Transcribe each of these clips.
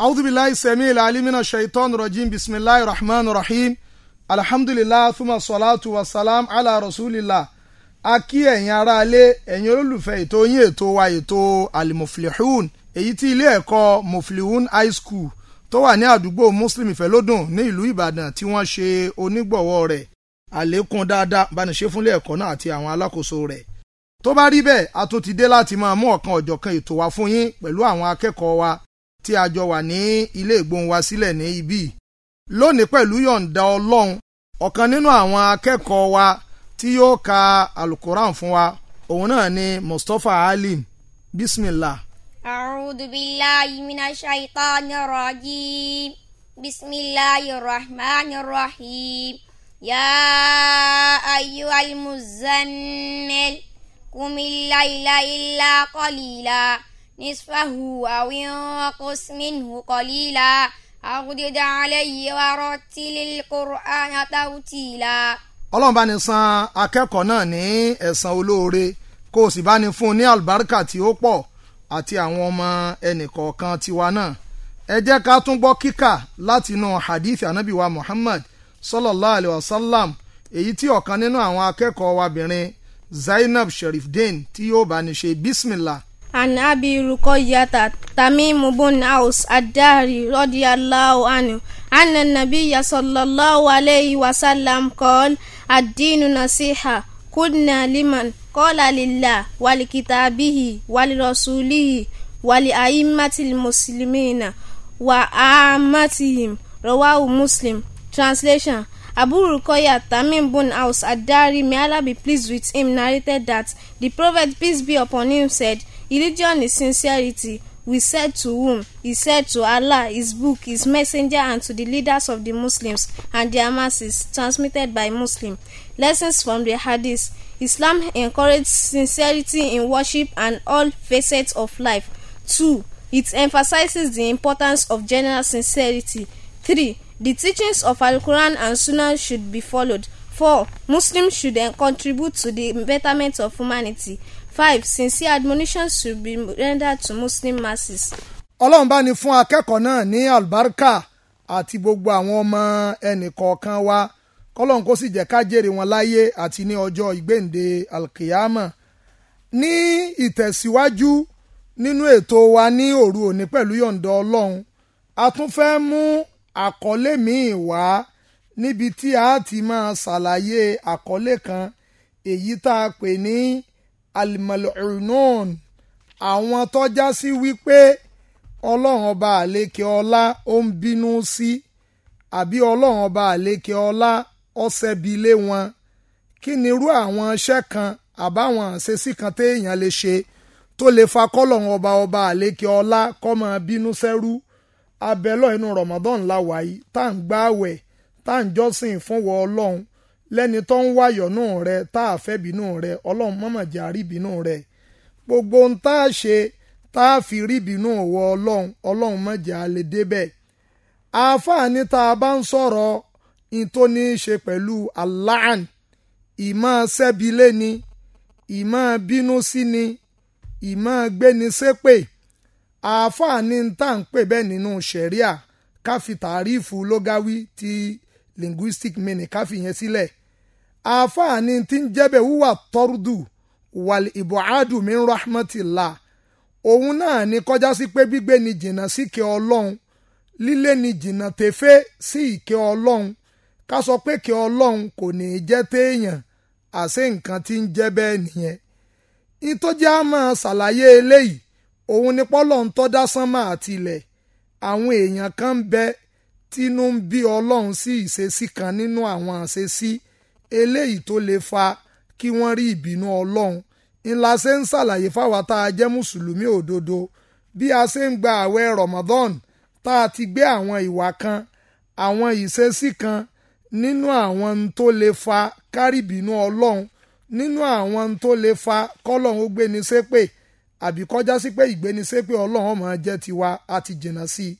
أعوذ بالله السميع العليم من الشيطان الرجيم بسم الله الرحمن الرحيم الحمد لله ثم الصلاة والسلام على رسول الله a kí ẹ̀yin aráalé ẹ̀yin olólùfẹ́ ètò yín ètò wa ètò alimuflihun èyí tí ilé ẹ̀kọ́ muflihun high school tó wà ní àdúgbò muslim ìfẹ́lódùn ní ìlú ìbàdàn tí wọ́n ṣe onígbọ̀wọ́ rẹ̀ àlékún dáadáa bániṣe fúnlé ẹ̀kọ́ náà àti àwọn alákòóso rẹ̀ tó bá rí bẹ́ẹ̀ a tún ti dé láti máa mú ọ̀kan ọ̀jọ̀kan ètò wa fún yín pẹ̀lú àwọn akẹ́kọ̀ọ́ wa tí a jọ wà ní ilé ìgbohùn wa sílẹ̀ ní ibí lónìí pẹ̀lú yọ̀ǹda ọlọ́run ọ̀kan nínú àwọn akẹ́kọ̀ọ́ wa tí yóò ka alukoran fún wa òun náà ni Mustapha Alim bismillah. أعوذ بالله من الشيطان الرجيم بسم الله الرحمن الرحيم يا أيها المزمل قم الليل إلا قليلا نصفه أو انقص منه قليلا أغدد عليه ورتل القرآن توتيلا ọlọ́run bá ní san akẹ́kọ̀ọ́ náà ní ẹ̀san olóore kó o sì bá ní fún un ní àlùbáríkà tí ó pọ̀ àti àwọn ọmọ ẹnìkọ̀ọ̀kan tiwa náà ẹ jẹ́ ká tún gbọ́ kíkà látinú hadith anabi wa muhammad sallallahu alayhi wa sallam èyí tí ọ̀kan nínú àwọn akẹ́kọ̀ọ́ wa bìnrin zainab sherifdeen tí yóò bá ní ṣe bismillah عن أبي رقية تميم بن أوس الداري رضي الله عنه أن النبي صلى الله عليه وسلم قال الدين نصيحة كنا لمن قال لله ولكتابه ولرسوله ولأئمة المسلمين وأعمتهم رواه Muslim translation Abu Rukoya Tamim bin Aus Adari may Allah be pleased with him narrated that the prophet peace be upon him said Religion is sincerity. We said to whom? He said to Allah, His Book, His Messenger, and to the leaders of the Muslims and their masses, transmitted by Muslim. Lessons from the Hadith Islam encourages sincerity in worship and all facets of life. Two. It emphasizes the importance of general sincerity. Three. The teachings of Al Quran and Sunnah should be followed. Four. Muslims should contribute to the betterment of humanity five sincere admonitions should be rendered to muslim masses. ọlọ́run bá ní fún akẹ́kọ̀ọ́ náà ní àlùbáríkà àti gbogbo àwọn ọmọ ẹnìkọ̀ọ̀kan wa kọ́lọ́run kó sì jẹ́ ká jèrè wọn láyé àti ní ọjọ́ ìgbéǹde alkiyama ní ìtẹ̀síwájú nínú ètò wa ní òru òní pẹ̀lú yọ̀ǹda ọlọ́run a tún fẹ́ mú àkọlé míì wá níbi tí a ti máa ṣàlàyé àkọlé kan èyí tá a pè ní. E alimal'unun àwọn tọ́já sí wípé ọlọ́run ọba àlékè ọlá ó ń bínú sí àbí ọlọ́run ọba àlékè ọlá ọ̀sẹ̀bi lé wọn kí ni irú àwọn iṣẹ́ kan àbáwọn àṣesí kan téèyàn lè ṣe tó lè fa kọ́lọ́run ọba ọba àlékè ọlá kó má bínú sẹ́rú abẹ́lọ́ inú Ramadan la wà yìí tá à ń gbààwẹ̀ tá à ń jọ́sìn fún ọlọ́run lẹ́ni tó ń wáyọ̀nù rẹ tá a fẹ́ bínú rẹ ọlọ́run mọ̀mọ̀ jẹ́ àríbínú rẹ gbogbo ohun tá a ṣe tá a fi ríbínú wọ ọlọ́run ọlọ́run mọ̀ jẹ́ àlè débẹ̀ àfààní tá a bá ń sọ̀rọ̀ ìtò ní í ṣe pẹ̀lú aláàn ìmọ̀ sẹ́bilé ni ìmọ̀ bínú sí ni ìmọ̀ gbéni sépè àfààní tá à ń pè bẹ́ẹ̀ nínú ṣẹ̀ríà káfi tàríìfù lógáwí ti linguistic meaning káfi yẹn sílẹ̀ si àáfàá ni ti n jẹ́bẹ̀ wúwà tọ́rùdù wàlì ìbọ̀ádù min òun náà ni kọjá sí pé ni jìnnà síkẹ́ ọlọ́run lílé ni jìnnà tẹ́fẹ́ sí ìkẹ́ ọlọ́run ká sọ pé kẹ́ ọlọ́run kò ní í jẹ́ téèyàn àṣé nǹkan ti ń jẹ́ bẹ́ẹ̀ nìyẹn ìtọ́jà máa ṣàlàyé eléyìí òun ni pọ́lọ́ ń tọ́dá sánmà àtilẹ̀ àwọn èèyàn kan ń bẹ tínú ń bí ọlọ́run sí ìṣesí kan nínú àwọn àṣesí eléyìí tó lè fa kí wọ́n rí ìbínú ọlọ́run ńlá ṣe ń ṣàlàyé fáwa tá a jẹ́ mùsùlùmí òdodo bí a ṣe ń gba ààwẹ̀ Ramadan tá a ti gbé àwọn ìwà kan àwọn ìṣesí kan nínú àwọn ohun tó lè fa kárìbínú ọlọ́run nínú àwọn ohun tó lè fa kọ́lọ́run ó gbéni ṣépè àbí kọjá sí pé ìgbéni ṣépè ọlọ́run ọmọ jẹ́ tiwa a ti jìnnà sí i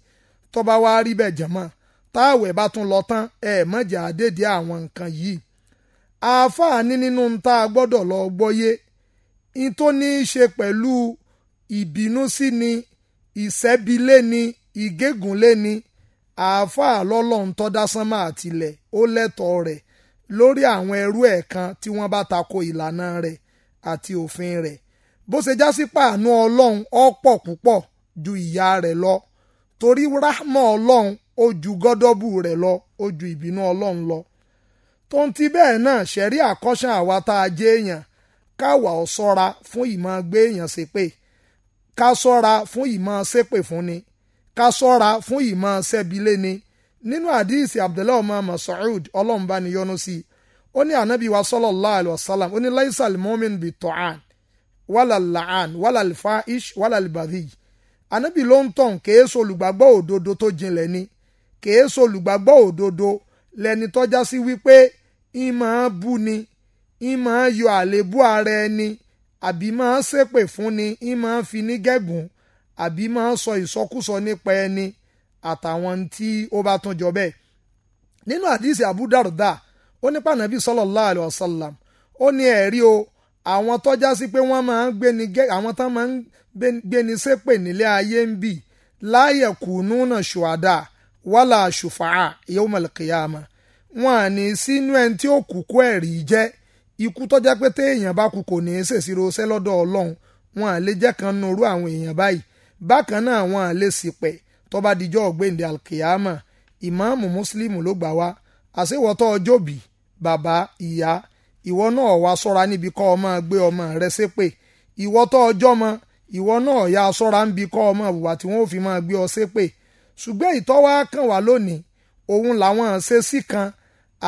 tọ́ba wa rí bẹ́ẹ̀ jẹ̀mọ́ táwẹ̀ bá tún lọ tán ẹ̀ àdédé àwọn nǹkan yìí àáfàá ní nínú tá a gbọ́dọ̀ lọ gbọ́yé ní tó ní í ṣe pẹ̀lú ìbínú sí ni ìṣẹ́bilé ni ìgégùnlé ni àáfàá lọ́lọ́run tó dá sánmà àtìlẹ̀ ó lẹ́tọ̀ọ́ rẹ̀ lórí àwọn ẹrú ẹ̀ kan tí wọ́n bá tako ìlànà rẹ̀ àti òfin rẹ̀ bó ṣe já sí pàánú ọlọ́run ọ̀pọ̀ púpọ̀ ju ìyà rẹ̀ lọ torí ráhmọ́ ọlọ́run ó ju gọ́dọ́bù rẹ̀ lọ ó ju ìbínú ọlọ́run lọ tó ń ti bẹ́ẹ̀ náà ṣẹ̀rí àkọ́ṣán àwa tá a jẹ́ èèyàn káwa ò sọ́ra fún ìmọ̀ gbé èèyàn ṣépè ká sọ́ra fún ìmọ̀ ṣépè fún ni ká sọ́ra fún ìmọ̀ ṣẹ́bilé ni nínú àdíìsì abdullahi ọmọ masoud ọlọ́mùbá ni yọ́nú sí i ó ní ànábì wa sallallahu alaihi wasallam ó ní laisal mu'min bi to'an wàlà la'an wàlà fa'ish wàlà badhi ànábì ló ń tàn kèé solùgbàgbọ́ òdodo tó jinlẹ̀ ni kèé solùgbàgbọ́ òdodo lẹni tọ́já sí wípé ń máa bú ni ń máa yọ àléébù ara ẹni àbí máa ṣépè fún ni ń máa fi ní gẹ̀gùn àbí máa sọ ìsọkúsọ nípa ẹni àtàwọn tí ó bá tún jọ bẹ́ẹ̀ nínú àdìsí Abu Darda ó ní pànàbí sallallahu alaihi wasallam ó ní ẹ̀rí o àwọn tọ́já sí pé wọ́n máa ń gbéni gẹ́ àwọn tán máa ń gbéni ṣépè nílé ayé ń bì láàyè ṣùwádà wàlà ṣùfàá yawmal qiyamah wọn à ní sínú ẹni tí ó kúkú ẹ̀rí jẹ́ ikú tó jẹ́ pé téèyàn bá kú kò ní í ṣèṣirò ṣẹ́ lọ́dọ̀ ọlọ́run wọn à lè jẹ́ kan nurú àwọn èèyàn báyìí bákan náà wọn à lè ṣìpẹ̀ tó bá dijọ́ ọ̀gbẹ́ndé alkiyama ìmáàmù mùsùlùmù ló gbà wá àṣewọ́tọ́ ọjọ́ bàbá ìyá ìwọ náà wá sọ́ra níbi kọ́ ọmọ gbé ọmọ rẹ ṣépè ìwọ tó ọjọ́ mọ ìwọ náà yá sọ́ra níbi kọ́ ọmọ ìwà tí wọ́n ò fi máa gbé ọ ṣépè ṣùgbọ́n ìtọ́wá kàn wá lónìí òun làwọn ṣe sí kan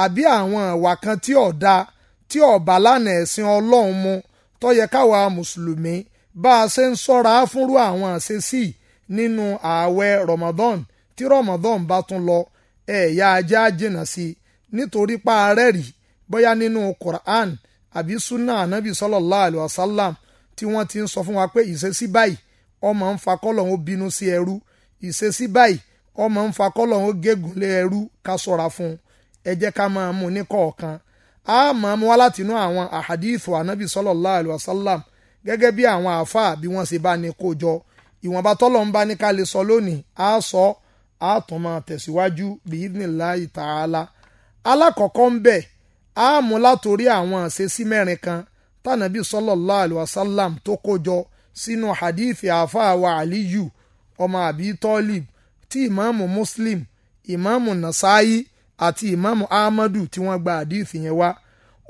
àbí àwọn ìwà kan tí ò dáa tí ò bá lánàá ẹ̀sìn ọlọ́run mu tó yẹ káwa mùsùlùmí bá a ṣe ń ṣọ́ra fúnrú àwọn àṣesí nínú ààwẹ̀ Ramadan tí Ramadan bá tún lọ ẹ̀yà ajá jìnnà sí i nítorí pa arẹ́rì bóyá nínú Quran àbí sunna anabi sallallahu alayhi wa sallam tí wọ́n ti ń sọ fún wa pé ìṣesí báyìí ọmọ ń fa kọ́lọ̀hún bínú sí ẹrú ìṣesí báyìí ọmọ ń fa kọ́lọ̀hún gégùn lé ẹrú ká ṣọ́ra fún un ẹ jẹ́ ká máa mú ní kọ̀ọ̀kan a máa mú wá látinú àwọn àhàdíìfù ànábì sallallahu alaihi wasallam gẹ́gẹ́ bí àwọn àáfàá bí wọ́n ṣe bá ní kó jọ ìwọ̀nba tọ́lọ̀ ń bá ní ká lè sọ lónìí a sọ a tún máa tẹ̀síwájú bi'idhnillahi ta'ala alákọ̀ọ́kọ́ ń bẹ̀ a mú látòrí àwọn àṣesí mẹ́rin kan tànàbí sallallahu alaihi wasallam tó kó jọ sínú hadith àáfàá wa Aliyu ọmọ àbí Tọ́lìb tí ìmáàmù Muslim ìmáàmù Nasa'i àti ìmáàmù ahmadu tí wọn gba àdìsí yẹn wá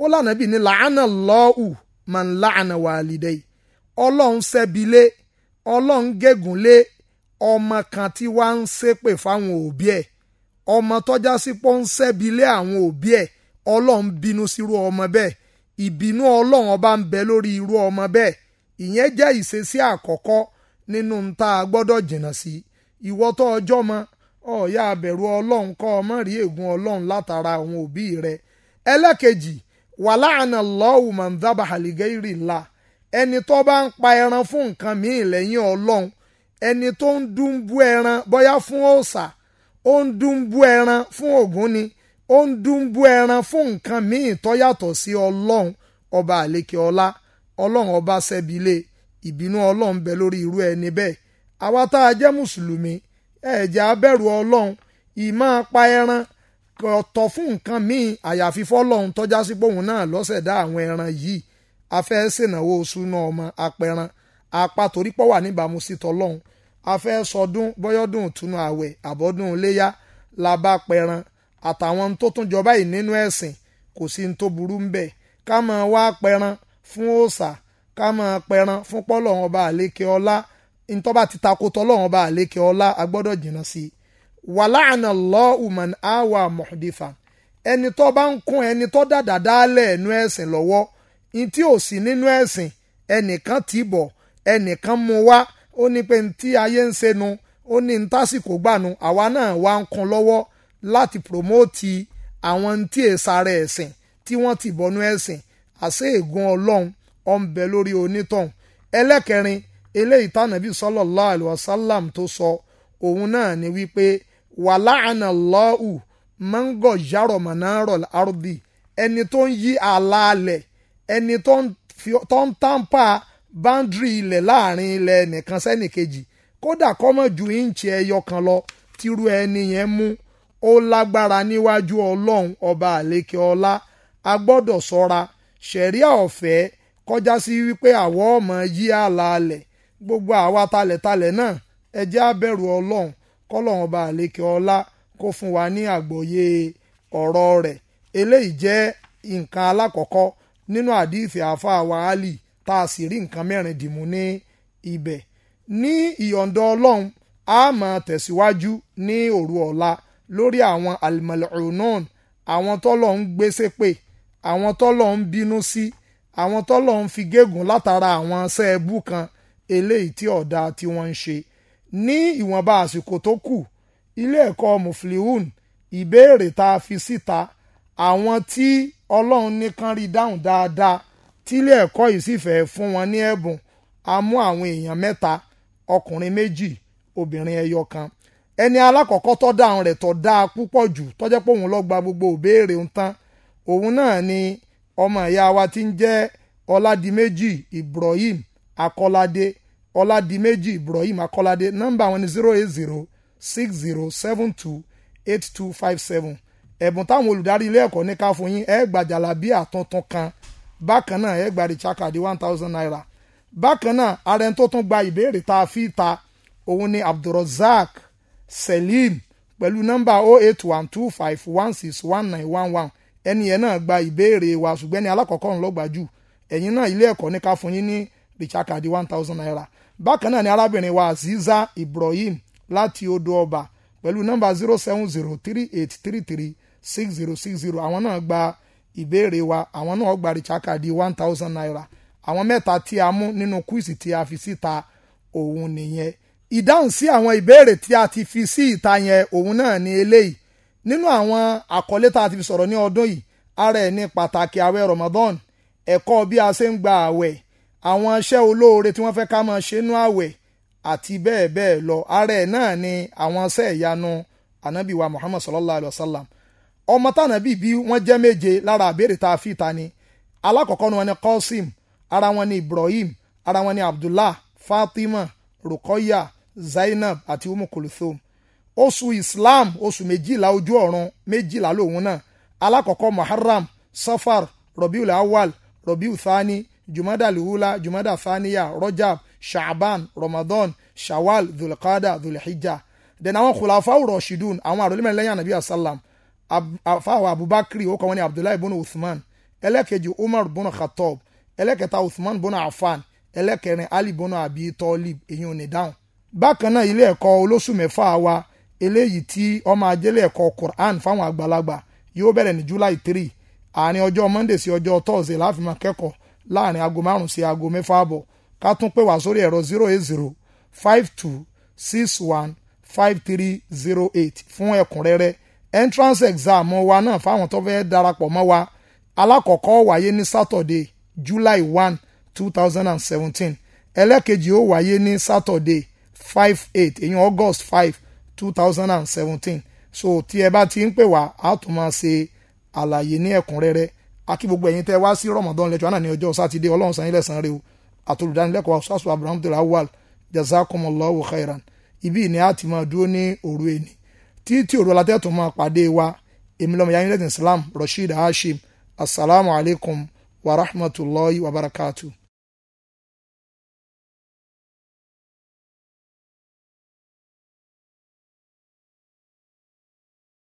ó lànàbí ní làánà lọ́ọ̀ù man làánà wàlídẹ́yì ọlọ́run ṣẹ́bilé ọlọ́run gégùnlé ọmọ kan tí wàá ń ṣépè fáwọn òbí ẹ̀ ọmọ tọ́já sí pọ́ ń ṣẹ́bilé àwọn òbí ẹ̀ ọlọ́run bínú sírú ọmọ bẹ́ẹ̀ ìbínú ọlọ́run ọba ń bẹ lórí irú ọmọ bẹ́ẹ̀ ìyẹn jẹ́ ìṣesí àkọ́kọ́ nínú ń tá a gbọ́dọ̀ jìnnà sí ìwọ́tọ́ ọjọ́ mọ́ ọ̀ya abẹ̀rù ọlọ́run kọ́ ọmọ rí ègún ọlọ́run látara àwọn òbí rẹ̀ ẹlẹ́kejì wàhálà àna lọ́wọ́ mọ̀ndábà àlìgẹ́rì la ẹni tó bá ń pa ẹran fún nǹkan míì lẹ́yìn ọlọ́run ẹni tó ń dúnbú ẹran bóyá fún òòṣà ó ń ẹran fún ògún ni ó ń dúnbú ẹran fún nǹkan míì tó yàtọ̀ sí ọlọ́run ọba àlekè ọlá ọlọ́run ọba lé ìbínú bẹ lórí irú ẹni bẹ́ẹ̀ àwa tá a ẹ̀jẹ̀ abẹ́rù ọlọ́run ìmọ̀ apá ẹran kọ̀tọ̀ fún nǹkan míì àyàfi fọ́lọ́run tọ́já sí pòun náà lọ́sẹ̀dá àwọn ẹran yìí afẹ́ ṣènáwó súná ọmọ apẹran apá torí pọ̀ wà níbàámu sí tọ́lọ́run afẹ́ sọdún bọ́yọ́dún ìtúnu àwẹ̀ àbọ́dún iléyá labá pẹran àtàwọn tó tún jọba yìí nínú ẹ̀sìn kò sí ní tó burú ń bẹ̀ ká máa wá pẹran fún òòṣà ká máa pẹran fún pọ́lọ́run ọba àlékè ọlá ntọ́ba ti ta kótó ọlọ́run ọba àlékè ọlá agbọ́dọ̀ jìnnà sí i wàláàna lọ́ọ́ ùmàn áwà mọ̀ọ́dífà ẹni tó bá ń kún ẹni tó dàdà dálẹ̀ ẹnu ẹ̀sìn lọ́wọ́ ní tí ò sí nínú ẹ̀sìn ẹnìkan tì bọ̀ ẹnìkan mú wá ó ní pé ní tí ayé ń senu ó ní ní tásìkò gbànú àwa náà wá ń kún lọ́wọ́ láti promote àwọn tí èsàrẹ̀ ẹ̀sìn tí wọ́n ti bọnú ẹ̀sìn àṣẹ ègún ọlọ́run ó ń bẹ lórí onítọ̀hún ẹlẹ́kẹrin eléyìí tánàbí sallallahu alaihi wasallam tó sọ òun náà ni wípé wàláàánà lọ́ọ̀ù mọ́ngọ̀ yàrọ̀ mọ̀nàrọ̀ àrùdì ẹni tó ń yí àlàálẹ̀ ẹni tó ń tàǹpà báńdírì ilẹ̀ láàrin ilẹ̀ nìkan sẹ́nìkejì kódà kọ́mọ̀ ju ìǹchì ẹyọ kan lọ tírú ẹni yẹn mú ó lágbára níwájú ọlọ́run ọba àlékè ọlá a gbọ́dọ̀ ṣọ́ra ṣẹ̀ríà ọ̀fẹ́ kọjá sí wípé àwọ̀ ọmọ yí gbogbo àwa talẹ̀talẹ̀ náà ẹ jẹ́ á bẹ̀rù ọlọ́run kọ́lọ́run ọba àlékè ọlá kó fún wa ní àgbọ́yé ọ̀rọ̀ rẹ̀ eléyìí jẹ́ nǹkan alákọ̀ọ́kọ́ nínú àdìsí àáfàá wàhálì tá a sì rí nǹkan mẹ́rin dìmú ní ibẹ̀ ní ìyọ̀ǹda ọlọ́run a máa tẹ̀síwájú ní òru ọ̀la lórí àwọn almal'unun àwọn tọ́lọ̀ ń gbé ṣépè àwọn tọ́lọ̀ ń bínú sí àwọn tọ́lọ̀ ń fi gégùn látara àwọn ṣẹ́ẹ̀bù kan eléyìí tí ọ̀dà tí wọ́n ń ṣe ní ìwọ̀nba àsìkò tó kù ilé ẹ̀kọ́ muflihun ìbéèrè tá a fi síta àwọn tí ọlọ́run nìkan rí dáhùn dáadáa tílé ẹ̀kọ́ yìí sì fẹ́ fún wọn ní ẹ̀bùn a mú àwọn èèyàn mẹ́ta ọkùnrin méjì obìnrin ẹyọ kan ẹni alákọ̀ọ́kọ́ tó dáhùn rẹ̀ tó dáa púpọ̀ jù tó jẹ́ pé òun ló gba gbogbo ìbéèrè ń tán òun náà ni ọmọ ìyá wa ti ń jẹ́ ọládìméjì ibrahim akọ́ládé ọládìméjì ibrahim akọ́ládé nọ́mbà wọn ni zero eight zero six zero seven two eight two five seven ẹ̀bùn táwọn olùdarí ilé ẹ̀kọ́ ní ká fún yín ẹ gba jàlábíà tuntun kan bákan náà ẹ gba rìchaka di one thousand naira bákan náà ààrẹ tó tún gba ìbéèrè tá a fi ta òun ni abdulrozak selim pẹ̀lú nọ́mbà o oh eight one two five one six one nine one one ẹni yẹn náà gba ìbéèrè wa ṣùgbọ́n ẹni alákọ̀ọ́kọ́ ńlọ́gbàjú ẹ̀yin náà ilé ẹ̀kọ́ ní ká yín ní the di one thousand naira bákan náà ni arábìnrin wa aziza ibrahim láti odò ọba pẹ̀lú nọ́mbà zero seven zero three eight three three six zero six zero àwọn náà gba ìbéèrè wa àwọn náà gba the di one thousand naira àwọn mẹ́ta tí a mú nínú kúìsì tí a fi síta òun nìyẹn ìdáhùn sí àwọn ìbéèrè tí a ti fi sí ìta yẹn òun náà ni eléyìí nínú àwọn àkọlé tá a ti fi sọ̀rọ̀ ní ọdún yìí ara ẹ̀ ní pàtàkì ààwẹ̀ Ramadan ẹ̀kọ́ bí a ṣe ń gba ààwẹ̀ àwọn iṣẹ́ olóore tí wọ́n fẹ́ ká máa ṣe nú àwẹ̀ àti bẹ́ẹ̀ bẹ́ẹ̀ lọ ara ẹ̀ náà ni àwọn iṣẹ́ ìyanu anabi muhammad sallallahu alayhi wa sallam ọmọ tànàbí bí wọ́n jẹ́ méje lára àbẹ̀rẹ̀ tá a fi ta ni alákọ̀ọ́kọ́ ni wọ́n ní qasim ara wọn ni ibrahim ara wọn ni abdullah fatima rukoya zainab àti umu kulthum oṣù islam oṣù méjìlá ojú ọ̀run méjìlá lòun náà alákọ̀ọ́kọ́ muharram safar rabiul awal rabiul thani jumada luhula jumada faniya rojab shaaban ramadan shawal dulqada dulhijja then àwọn khulafawu rashidun àwọn àròlẹ́mẹ̀rin lẹ́yìn anabi asalam afaawa abubakar ó kọ́ wọn ní abdullahi bunu uthman ẹlẹ́kejì umar bunu khattab ẹlẹ́kẹta uthman bunu afan ẹlẹ́kẹrin ali bunu abi tolib èyí ò ní dáhùn. bákan náà ilé ẹ̀kọ́ olóṣù mẹ́fà wa eléyìí tí ọmọ ajẹ́lẹ̀ ẹ̀kọ́ quran fáwọn àgbàlagbà yóò bẹ̀rẹ̀ ní july three àárín ọjọ́ monday sí ọjọ́ thursday láfi máa kẹ́kọ̀ọ́ láàrin aago márùn sí aago mẹ́fà àbọ̀ ká tún pè wá sórí ẹ̀rọ zero eight zero five two six one five three zero eight fún ẹ̀kúnrẹ́rẹ́ entrance exam wa náà fáwọn tó fẹ́ darapọ̀ mọ́ wa alákọ̀ọ́kọ́ wáyé ní Saturday July one two thousand and seventeen ẹlẹ́kejì ó wáyé ní Saturday five eight èyàn August five two thousand and seventeen so tí ẹ bá ti ń pè wá a tún máa ṣe àlàyé ní ẹ̀kúnrẹ́rẹ́ akí gbogbo ẹ̀yin tẹ́ wá sí Ramadan lẹ́tọ̀ àná ní ọjọ́ sátidé ọlọ́run sàn ilẹ̀ sàn rẹ o àtolùdánilẹ́kọ̀ọ́ sàṣù Abraham tó láwàl jazakumullahu khairan ibi ìní àti máa dúró ní òru èní tí tí òru alátẹ́tùn máa pàdé wa èmi lọ́mọ yanilẹ́sìn Islam Rasheed Hashim asalaamualeykum wa rahmatulahi wa barakatuh.